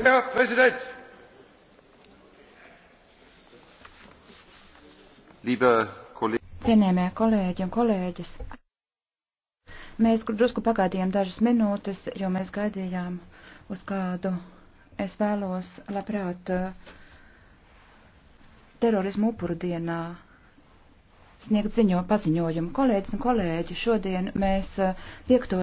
herr präsident cienījamie kolēģi un kolēģis! Mēs drusku pagaidījām dažas minūtes, jo mēs gaidījām uz kādu. Es vēlos, labprāt, eh, terorismu upuru dienā sniegt ziņo paziņojumu. Kolēģis un kolēģi, šodien mēs eh, piekto